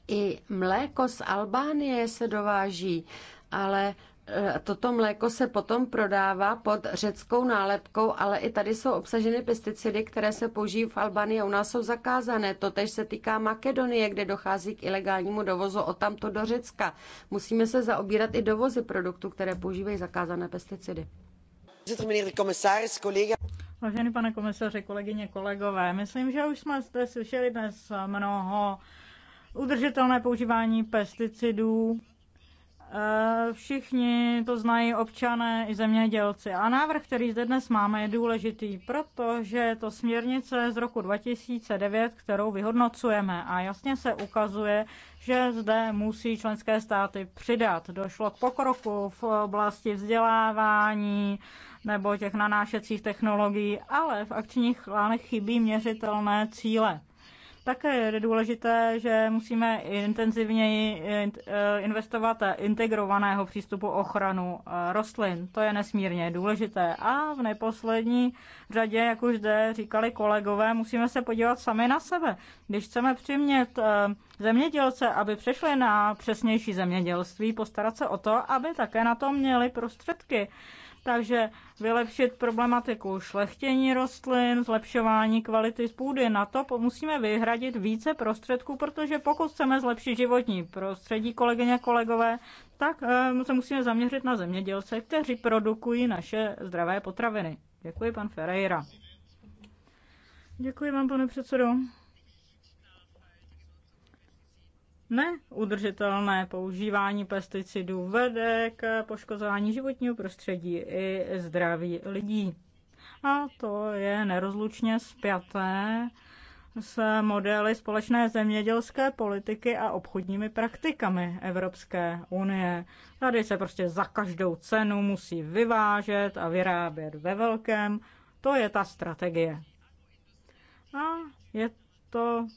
i mléko z Albánie se dováží, ale e, toto mléko se potom prodává pod řeckou nálepkou, ale i tady jsou obsaženy pesticidy, které se použijí v Albánii a u nás jsou zakázané. Totež se týká Makedonie, kde dochází k ilegálnímu dovozu od tamto do Řecka. Musíme se zaobírat i dovozy produktů, které používají zakázané pesticidy. Vážený pane komisaři, kolegyně, kolegové, myslím, že už jsme zde slyšeli dnes mnoho Udržitelné používání pesticidů, e, všichni to znají občané i zemědělci. A návrh, který zde dnes máme, je důležitý, protože je to směrnice z roku 2009, kterou vyhodnocujeme a jasně se ukazuje, že zde musí členské státy přidat. Došlo k pokroku v oblasti vzdělávání nebo těch nanášecích technologií, ale v akčních plánech chybí měřitelné cíle. Také je důležité, že musíme intenzivněji eh, investovat integrovaného přístupu ochranu eh, rostlin. To je nesmírně důležité. A v neposlední řadě, jak už zde říkali kolegové, musíme se podívat sami na sebe. Když chceme přimět eh, zemědělce, aby přešli na přesnější zemědělství, postarat se o to, aby také na to měli prostředky. Takže vylepšit problematiku šlechtění rostlin, zlepšování kvality půdy. Na to musíme vyhradit více prostředků, protože pokud chceme zlepšit životní prostředí, kolegyně a kolegové, tak eh, se musíme zaměřit na zemědělce, kteří produkují naše zdravé potraviny. Děkuji, pan Ferreira. Děkuji vám, pane předsedo. neudržitelné používání pesticidů vede k poškozování životního prostředí i zdraví lidí. A to je nerozlučně spjaté s modely společné zemědělské politiky a obchodními praktikami Evropské unie. Tady se prostě za každou cenu musí vyvážet a vyrábět ve velkém. To je ta strategie. A je to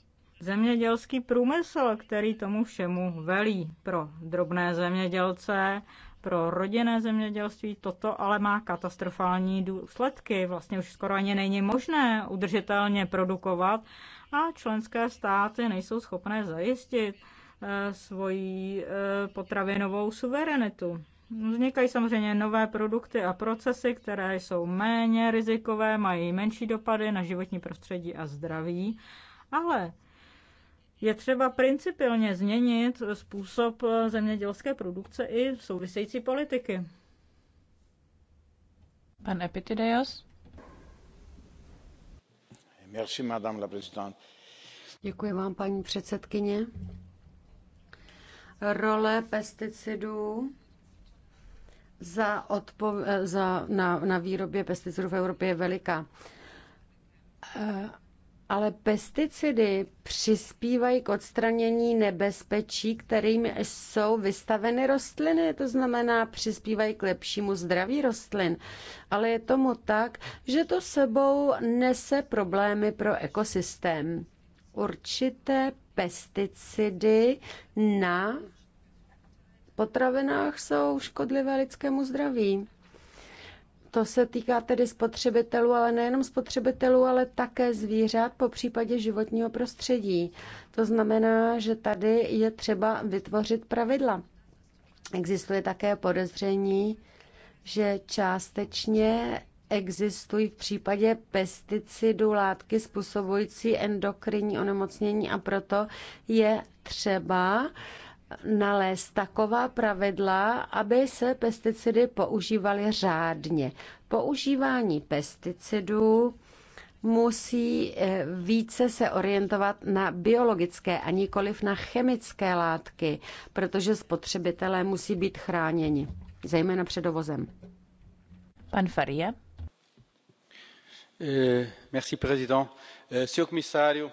zemědělský průmysl, který tomu všemu velí pro drobné zemědělce, pro rodinné zemědělství. Toto ale má katastrofální důsledky. Vlastně už skoro ani není možné udržitelně produkovat a členské státy nejsou schopné zajistit eh, svoji eh, potravinovou suverenitu. Vznikají samozřejmě nové produkty a procesy, které jsou méně rizikové, mají menší dopady na životní prostředí a zdraví, ale je třeba principiálně změnit způsob zemědělské produkce i související politiky. Pan Epitideos. Merci, madame la présidente. Děkuji vám, paní předsedkyně. Role pesticidů za, odpo- za, na, na výrobě pesticidů v Evropě je veliká ale pesticidy přispívají k odstranění nebezpečí, kterým jsou vystaveny rostliny, to znamená přispívají k lepšímu zdraví rostlin. Ale je tomu tak, že to sebou nese problémy pro ekosystém. Určité pesticidy na potravinách jsou škodlivé lidskému zdraví. To se týká tedy spotřebitelů, ale nejenom spotřebitelů, ale také zvířat, po případě životního prostředí. To znamená, že tady je třeba vytvořit pravidla. Existuje také podezření, že částečně existují v případě pesticidů látky způsobující endokrinní onemocnění a proto je třeba nalézt taková pravidla, aby se pesticidy používaly řádně. Používání pesticidů musí eh, více se orientovat na biologické a nikoliv na chemické látky, protože spotřebitelé musí být chráněni, zejména před dovozem. Pan Faria. Eh, merci, eh,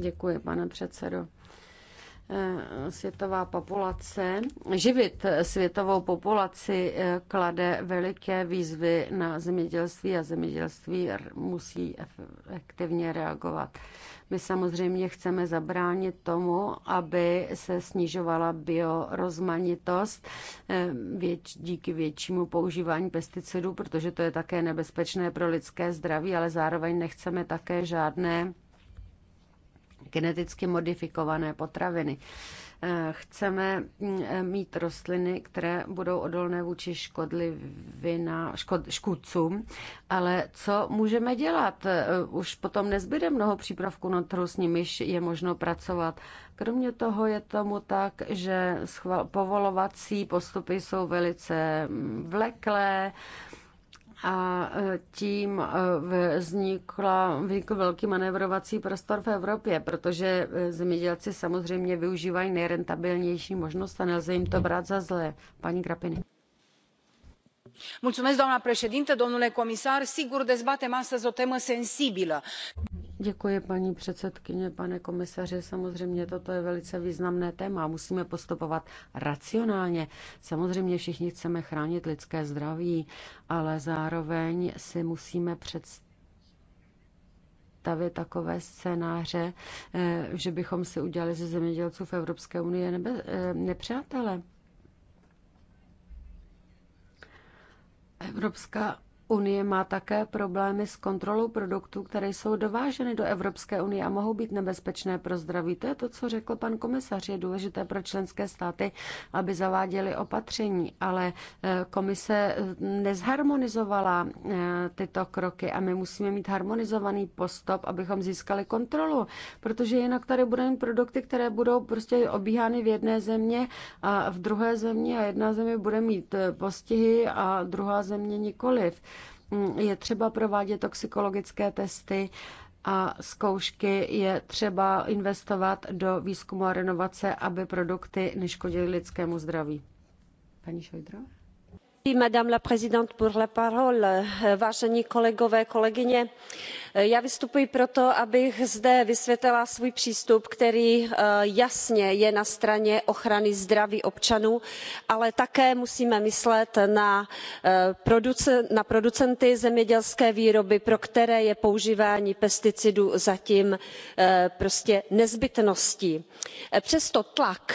Děkuji, pane předsedo. Eh, světová populace, živit světovou populaci eh, klade veliké výzvy na zemědělství a zemědělství musí efektivně reagovat. My samozřejmě chceme zabránit tomu, aby se snižovala biorozmanitost eh, věč, díky většímu používání pesticidů, protože to je také nebezpečné pro lidské zdraví, ale zároveň nechceme také žádné geneticky modifikované potraviny. Eh, chceme mm, mít rostliny, které budou odolné vůči škodlivina, škod, škůdcům, ale co můžeme dělat? Eh, už potom nezbyde mnoho přípravků na trhu, s nimiž je možno pracovat. Kromě toho je tomu tak, že povolovací postupy jsou velice mm, vleklé, a e, tím e, vznikla, vznikl velký manévrovací prostor v Evropě, protože e, zemědělci samozřejmě využívají nejrentabilnější možnost a nelze jim to brát za zlé. Paní Grapiny doamnă președintă domnule comisar sigur dezbatem astăzi o temă sensibilă. paní předsedající pane komisaři. Samozřejmě toto je velice významné téma. Musíme postupovat racionálně. Samozřejmě všichni chceme chránit lidské zdraví, ale zároveň si musíme představit, takové scénáře, eh, že bychom si udělali ze zemědělců v Evropské unii eh, nepřátele. Evropská Unie má také problémy s kontrolou produktů, které jsou dováženy do Evropské unie a mohou být nebezpečné pro zdraví. To je to, co řekl pan komisař. Je důležité pro členské státy, aby zaváděly opatření, ale eh, komise nezharmonizovala eh, tyto kroky a my musíme mít harmonizovaný postup, abychom získali kontrolu, protože jinak tady budeme mít produkty, které budou prostě obíhány v jedné země a v druhé země a jedna země bude mít eh, postihy a druhá země nikoliv. Mm, je třeba provádět toxikologické testy a zkoušky je třeba investovat do výzkumu a renovace, aby produkty neškodily lidskému zdraví. Paní Šojdrová? paní předsedající já vystupuji proto abych zde vysvětlila svůj přístup který eh, jasně je na straně ochrany zdraví občanů ale také musíme myslet na eh, producenty zemědělské výroby pro které je používání pesticidů zatím eh, prostě nezbytností. přesto to tlak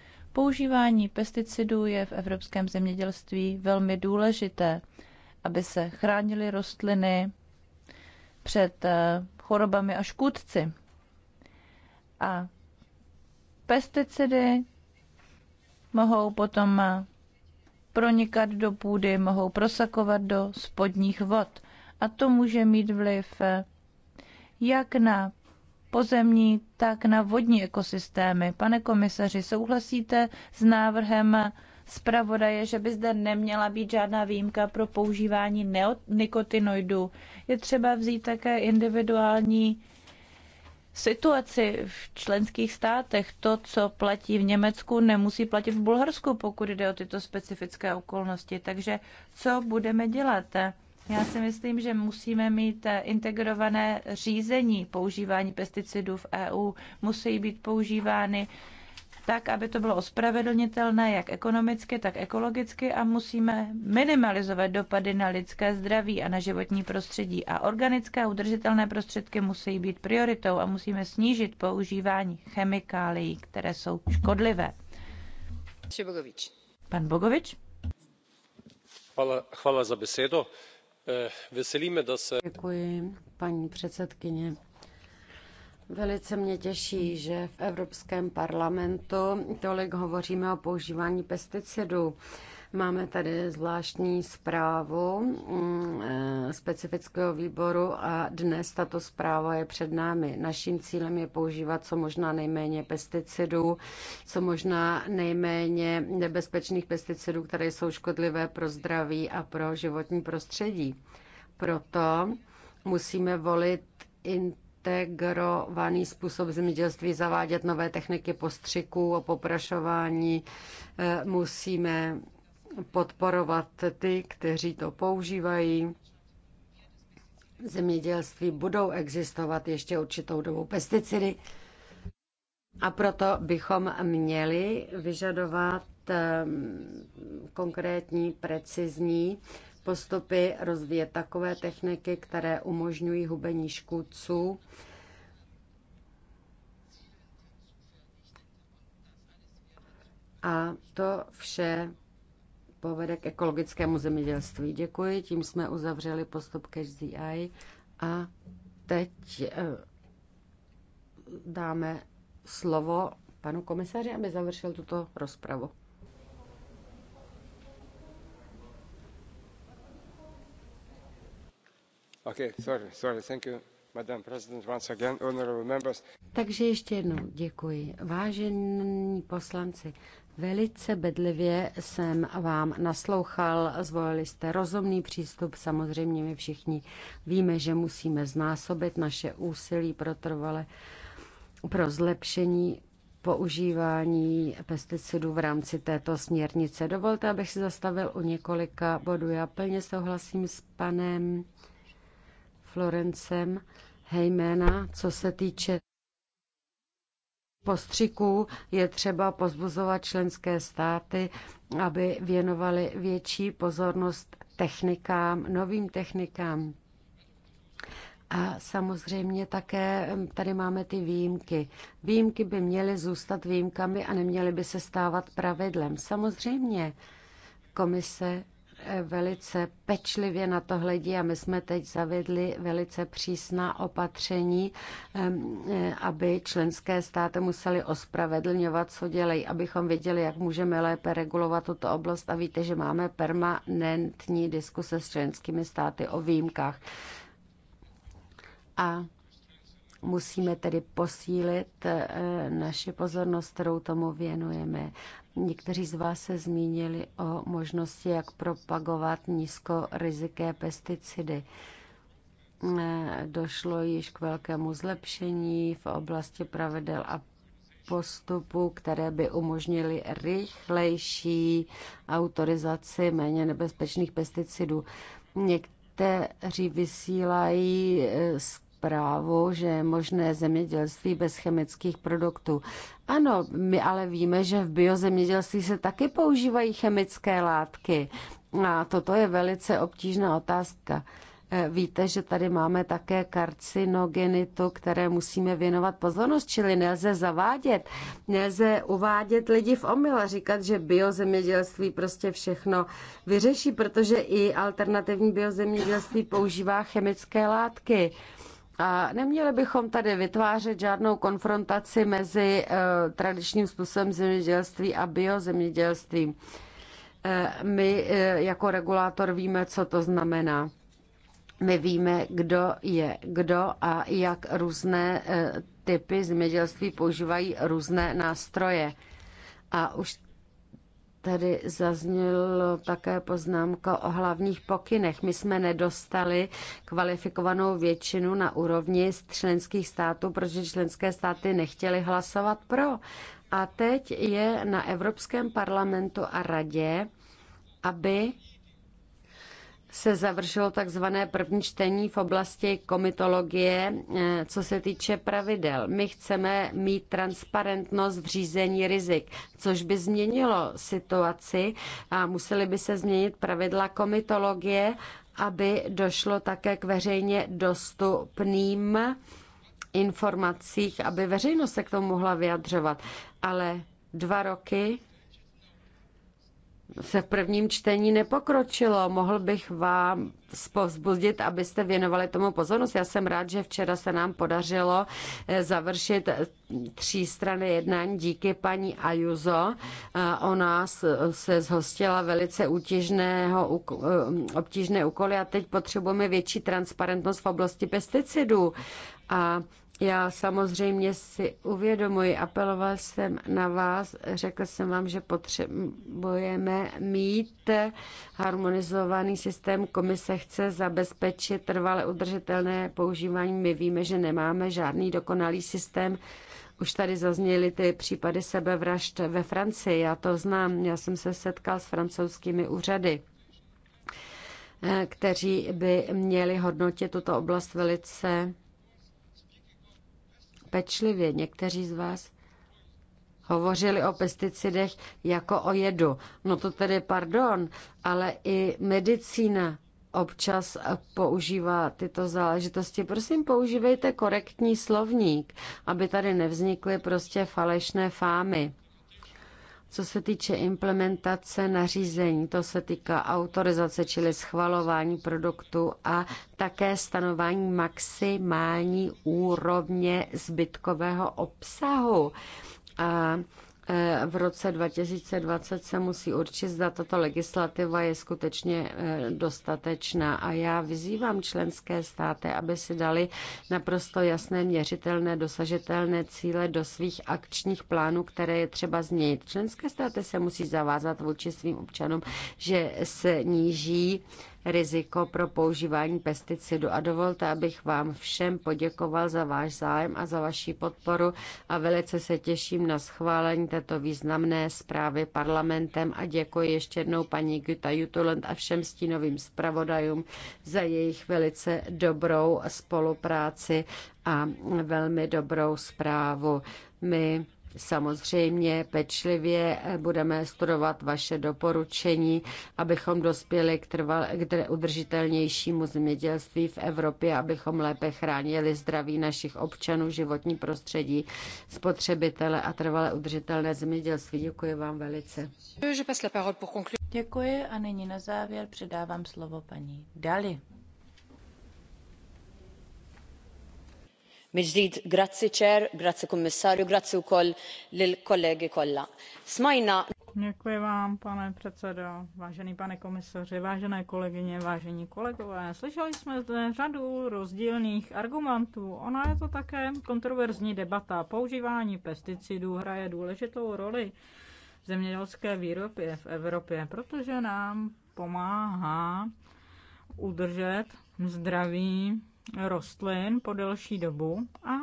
Používání pesticidů je v evropském zemědělství velmi důležité, aby se chránily rostliny před eh, chorobami a škůdci. A pesticidy mohou potom eh, pronikat do půdy, mohou prosakovat do spodních vod. A to může mít vliv eh, jak na pozemní, tak na vodní ekosystémy. Pane komisaři, souhlasíte s návrhem zpravodaje, že by zde neměla být žádná výjimka pro používání neonikotinoidů. Je třeba vzít také individuální situaci v členských státech. To, co platí v Německu, nemusí platit v Bulharsku, pokud jde o tyto specifické okolnosti. Takže co budeme dělat? Já si myslím, že musíme mít eh, integrované řízení používání pesticidů v EU. Musí být používány tak, aby to bylo ospravedlnitelné jak ekonomicky, tak ekologicky a musíme minimalizovat dopady na lidské zdraví a na životní prostředí. A organické a udržitelné prostředky musí být prioritou a musíme snížit používání chemikálií, které jsou škodlivé. Pan Bogovič. Hvala, hvala za besedo se... Děkuji, paní předsedkyně. Velice mě těší, že v Evropském parlamentu tolik hovoříme o používání pesticidů. Máme tady zvláštní zprávu mm, eh, specifického výboru a dnes tato zpráva je před námi. Naším cílem je používat co možná nejméně pesticidů, co možná nejméně nebezpečných pesticidů, které jsou škodlivé pro zdraví a pro životní prostředí. Proto musíme volit integrovaný způsob zemědělství, zavádět nové techniky postřiků a poprašování. Eh, musíme podporovat ty, kteří to používají. V zemědělství budou existovat ještě určitou dobu pesticidy a proto bychom měli vyžadovat ehm, konkrétní, precizní postupy, rozvíjet takové techniky, které umožňují hubení škůdců. A to vše povede k ekologickému zemědělství. Děkuji, tím jsme uzavřeli postup Cash the a teď eh, dáme slovo panu komisaři, aby završil tuto rozpravu. Okay, sorry, sorry, thank you. Madam President, once again, honorable members. Takže ještě jednou děkuji. Vážení poslanci, Velice bedlivě jsem vám naslouchal, zvolili jste rozumný přístup. Samozřejmě my všichni víme, že musíme znásobit naše úsilí pro trvale pro zlepšení používání pesticidů v rámci této směrnice. Dovolte, abych si zastavil u několika bodů. Já plně souhlasím s panem Florencem Hejména, co se týče postřiků je třeba pozbuzovat členské státy, aby věnovali větší pozornost technikám, novým technikám. A samozřejmě také tady máme ty výjimky. Výjimky by měly zůstat výjimkami a neměly by se stávat pravidlem. Samozřejmě komise velice pečlivě na to hledí a my jsme teď zavedli velice přísná opatření, e, aby členské státy museli ospravedlňovat, co dělají, abychom věděli, jak můžeme lépe regulovat tuto oblast a víte, že máme permanentní diskuse s členskými státy o výjimkách. A Musíme tedy posílit eh, naši pozornost, kterou tomu věnujeme. Někteří z vás se zmínili o možnosti, jak propagovat nízkoriziké pesticidy. Eh, došlo již k velkému zlepšení v oblasti pravidel a postupů, které by umožnily rychlejší autorizaci méně nebezpečných pesticidů. Někteří vysílají z eh, zprávu, že je možné zemědělství bez chemických produktů. Ano, my ale víme, že v biozemědělství se taky používají chemické látky. A toto je velice obtížná otázka. E, víte, že tady máme také karcinogenitu, které musíme věnovat pozornost, čili nelze zavádět, nelze uvádět lidi v omyl a říkat, že biozemědělství prostě všechno vyřeší, protože i alternativní biozemědělství používá chemické látky. A neměli bychom tady vytvářet žádnou konfrontaci mezi eh, tradičním způsobem zemědělství a biozemědělstvím. Eh, my eh, jako regulátor víme, co to znamená. My víme, kdo je kdo a jak různé typy zemědělství používají různé nástroje. A už Tady zaznělo také poznámka o hlavních pokynech. My jsme nedostali kvalifikovanou většinu na úrovni členských států, protože členské státy nechtěly hlasovat pro. A teď je na Evropském parlamentu a radě, aby se završilo takzvané první čtení v oblasti komitologie, eh, co se týče pravidel. My chceme mít transparentnost v řízení rizik, což by změnilo situaci a museli by se změnit pravidla komitologie, aby došlo také k veřejně dostupným informacích, aby veřejnost se k tomu mohla vyjadřovat. Ale dva roky se v prvním čtení nepokročilo. Mohl bych vám povzbudit, abyste věnovali tomu pozornost. Já jsem rád, že včera se nám podařilo eh, završit eh, tří strany jednání díky paní Ajuzo. Eh, ona se zhostila velice útěžného, obtížné úkoly a teď potřebujeme větší transparentnost v oblasti pesticidů. A já samozřejmě si uvědomuji, apeloval jsem na vás, řekl jsem vám, že potřebujeme mít harmonizovaný systém. Komise chce zabezpečit trvale udržitelné používání. My víme, že nemáme žádný dokonalý systém. Už tady zazněly ty případy sebevražd ve Francii, já to znám, já jsem se setkal s francouzskými úřady eh, kteří by měli hodnotit tuto oblast velice pečlivě. Někteří z vás hovořili o pesticidech jako o jedu. No to tedy pardon, ale i medicína občas používá tyto záležitosti. Prosím, používejte korektní slovník, aby tady nevznikly prostě falešné fámy. Co se týče implementace nařízení, to se týká autorizace, čili schvalování produktu a také stanování maximální úrovně zbytkového obsahu. A Eh, v roce 2020 se musí určit, zda tato legislativa je skutečně eh, dostatečná. A já vyzývám členské státy, aby si dali naprosto jasné, měřitelné, dosažitelné cíle do svých akčních plánů, které je třeba změnit. Členské státy se musí zavázat vůči svým občanům, že se níží riziko pro používání pesticidu. A dovolte, abych vám všem poděkoval za váš zájem a za vaši podporu a velice se těším na schválení této významné zprávy parlamentem a děkuji ještě jednou paní Gita Jutulent a všem stínovým zpravodajům za jejich velice dobrou spolupráci a velmi dobrou zprávu. My Samozřejmě pečlivě eh, budeme studovat vaše doporučení, abychom dospěli k, trval, k udržitelnějšímu zemědělství v Evropě, abychom lépe chránili zdraví našich občanů, životní prostředí, spotřebitele a trvale udržitelné zemědělství. Děkuji vám velice. Děkuji a nyní na závěr předávám slovo paní Dali. mill-ġdid grazzi president grazzi kummissarju grazzi wkoll lill-kollegi kollha. Smajna Děkuji vám, pane předsedo, vážený pane komisaři, vážené kolegyně, vážení kolegové. Slyšeli jsme zde řadu rozdílných argumentů. Ona je to také kontroverzní debata. Používání pesticidů hraje důležitou roli v zemědělské výrobě v Evropě, protože nám pomáhá udržet zdraví rostlin po delší dobu a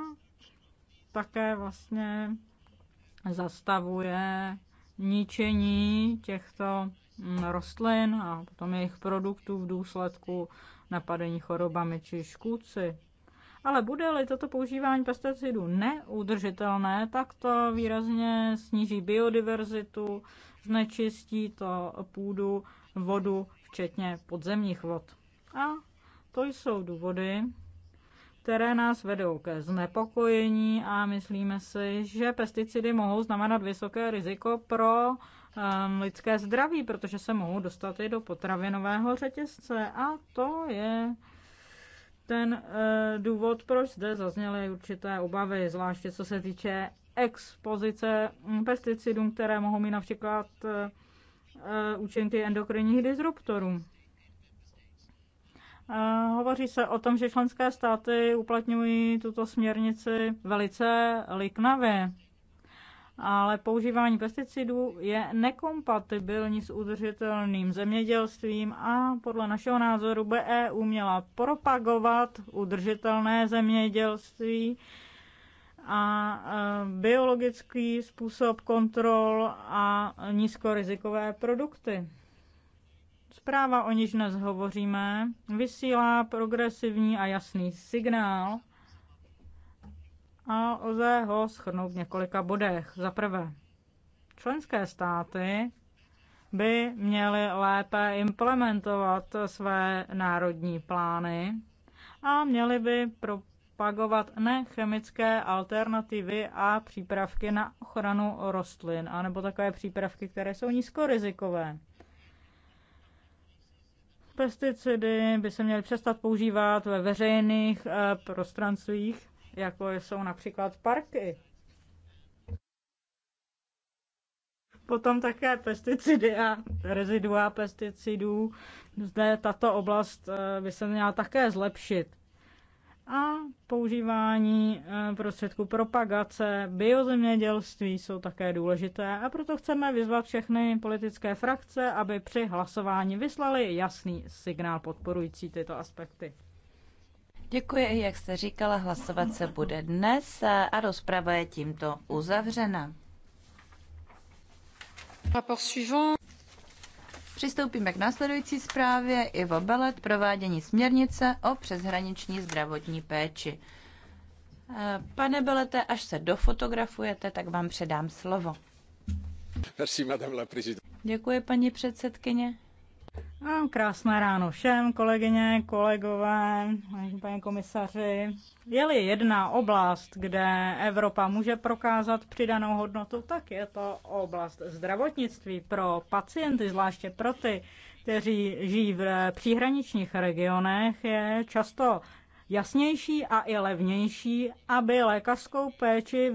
také vlastně zastavuje ničení těchto rostlin a potom jejich produktů v důsledku napadení chorobami či škůdci. Ale bude-li toto používání pesticidů neudržitelné, tak to výrazně sníží biodiverzitu, znečistí to půdu, vodu, včetně podzemních vod. A to jsou důvody, které nás vedou ke znepokojení a myslíme si, že pesticidy mohou znamenat vysoké riziko pro um, lidské zdraví, protože se mohou dostat i do potravinového řetězce. A to je ten uh, důvod, proč zde zazněly určité obavy, zvláště co se týče expozice mm, pesticidům, které mohou mít například uh, uh účinky endokrinních disruptorů. Hovoří se o tom, že členské státy uplatňují tuto směrnici velice liknavě, ale používání pesticidů je nekompatibilní s udržitelným zemědělstvím a podle našeho názoru by EU měla propagovat udržitelné zemědělství a e, biologický způsob kontrol a nízkorizikové produkty. Zpráva, o níž dnes hovoříme, vysílá progresivní a jasný signál a lze ho schrnout v několika bodech. Za prvé, členské státy by měly lépe implementovat své národní plány a měly by propagovat nechemické alternativy a přípravky na ochranu rostlin, anebo takové přípravky, které jsou nízkorizikové. Pesticidy by se měly přestat používat ve veřejných eh, prostranstvích, jako jsou například parky. Potom také pesticidy a rezidua pesticidů. Zde tato oblast eh, by se měla také zlepšit a používání eh, prostředků propagace biozemědělství jsou také důležité a proto chceme vyzvat všechny politické frakce, aby při hlasování vyslali jasný signál podporující tyto aspekty. Děkuji, jak jste říkala, hlasovat se bude dnes a rozprava je tímto uzavřena. Rapport suivant. Přistoupíme k následující zprávě Ivo Belet, provádění směrnice o přeshraniční zdravotní péči. Eh, pane Belete, až se dofotografujete, tak vám předám slovo. Merci, madame la Děkuji, paní předsedkyně. A krásné ráno všem, kolegyně, kolegové, paní komisaři. Je-li jedna oblast, kde Evropa může prokázat přidanou hodnotu, tak je to oblast zdravotnictví pro pacienty, zvláště pro ty, kteří žijí v příhraničních regionech, je často jasnější a i levnější, aby lékařskou péči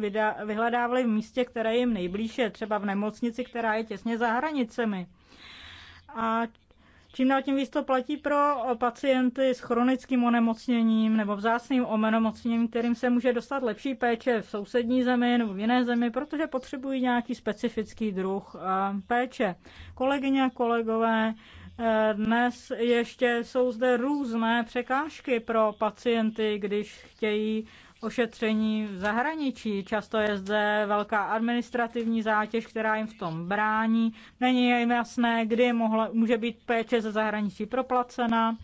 vyhledávali v místě, které jim nejblíže, třeba v nemocnici, která je těsně za hranicemi. A Čím dál tím víc to platí pro pacienty s chronickým onemocněním nebo vzácným onemocněním, kterým se může dostat lepší péče v sousední zemi nebo v jiné zemi, protože potřebují nějaký specifický druh eh, péče. Kolegyně a kolegové, eh, dnes ještě jsou zde různé překážky pro pacienty, když chtějí ošetření v zahraničí. Často je zde velká administrativní zátěž, která jim v tom brání. Není jim jasné, kdy mohla, může být péče ze zahraničí proplacena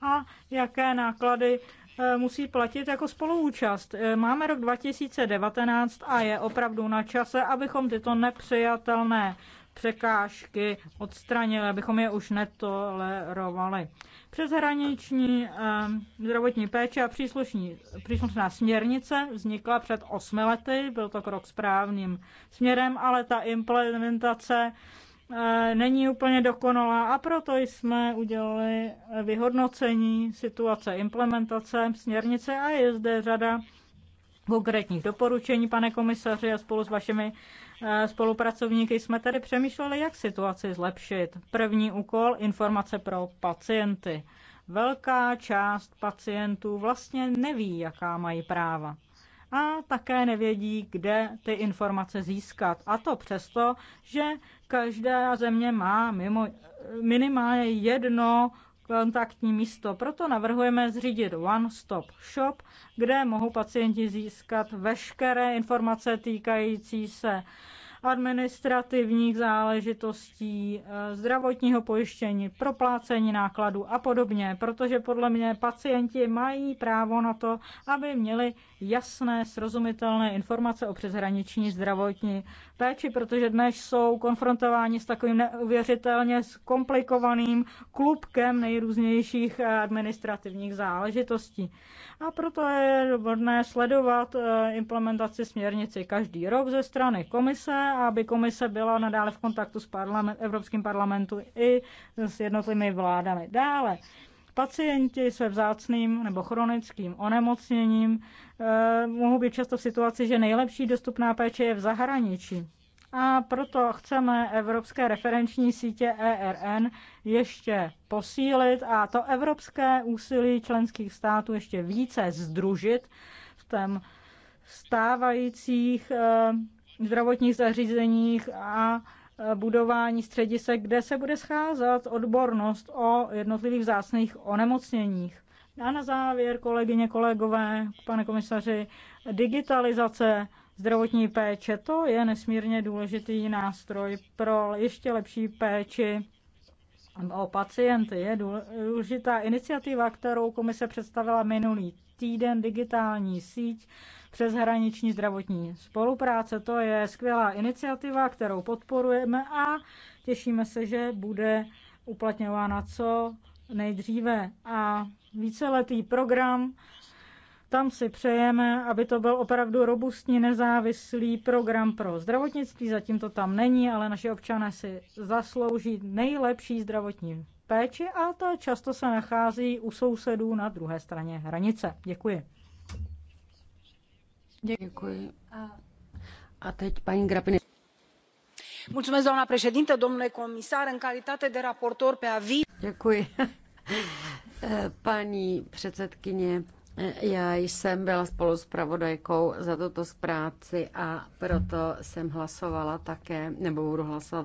a jaké náklady eh, musí platit jako spoluúčast. Eh, máme rok 2019 a je opravdu na čase, abychom tyto nepřijatelné překážky odstranili, abychom je už netolerovali. Přeshraniční ehm, zdravotní péče a příslušní, příslušná směrnice vznikla před osmi lety, byl to krok správným směrem, ale ta implementace ehm, není úplně dokonalá a proto jsme udělali vyhodnocení situace implementace směrnice a je zde řada konkrétních doporučení, pane komisaři, a spolu s vašimi eh, spolupracovníky jsme tady přemýšleli, jak situaci zlepšit. První úkol informace pro pacienty. Velká část pacientů vlastně neví, jaká mají práva. A také nevědí, kde ty informace získat. A to přesto, že každá země má mimo, minimálně jedno kontaktní místo. Proto navrhujeme zřídit One Stop Shop, kde mohou pacienti získat veškeré informace týkající se administrativních záležitostí, eh, zdravotního pojištění, proplácení nákladů a podobně, protože podle mě pacienti mají právo na to, aby měli jasné, srozumitelné informace o přeshraniční zdravotní péči, protože dnes jsou konfrontováni s takovým neuvěřitelně komplikovaným klubkem nejrůznějších administrativních záležitostí. A proto je dobré sledovat eh, implementaci směrnici každý rok ze strany komise, aby komise byla nadále v kontaktu s parlament, Evropským parlamentu i s jednotlivými vládami. Dále, Pacienti se vzácným nebo chronickým onemocněním eh, mohou být často v situaci, že nejlepší dostupná péče je v zahraničí. A proto chceme evropské referenční sítě ERN ještě posílit a to evropské úsilí členských států ještě více združit v tom stávajících eh, zdravotních zařízeních a budování středisek, kde se bude scházet odbornost o jednotlivých zásných onemocněních. A na závěr, kolegyně, kolegové, pane komisaři, digitalizace zdravotní péče, to je nesmírně důležitý nástroj pro ještě lepší péči o pacienty. Je důležitá iniciativa, kterou komise představila minulý týden, digitální síť přeshraniční zdravotní spolupráce. To je skvělá iniciativa, kterou podporujeme a těšíme se, že bude uplatňována co nejdříve. A víceletý program, tam si přejeme, aby to byl opravdu robustní, nezávislý program pro zdravotnictví. Zatím to tam není, ale naše občané si zaslouží nejlepší zdravotní péči a to často se nachází u sousedů na druhé straně hranice. Děkuji. Děkuji. A teď paní Grapiny. Mulțumesc, doamna președintă, domnule comisar, în calitate de raportor pe aviz. Děkuji. (laughs) Paní předsedkyně, já jsem byla spolu s pravodajkou za toto zpráci a proto jsem hlasovala také, nebo budu hlasovat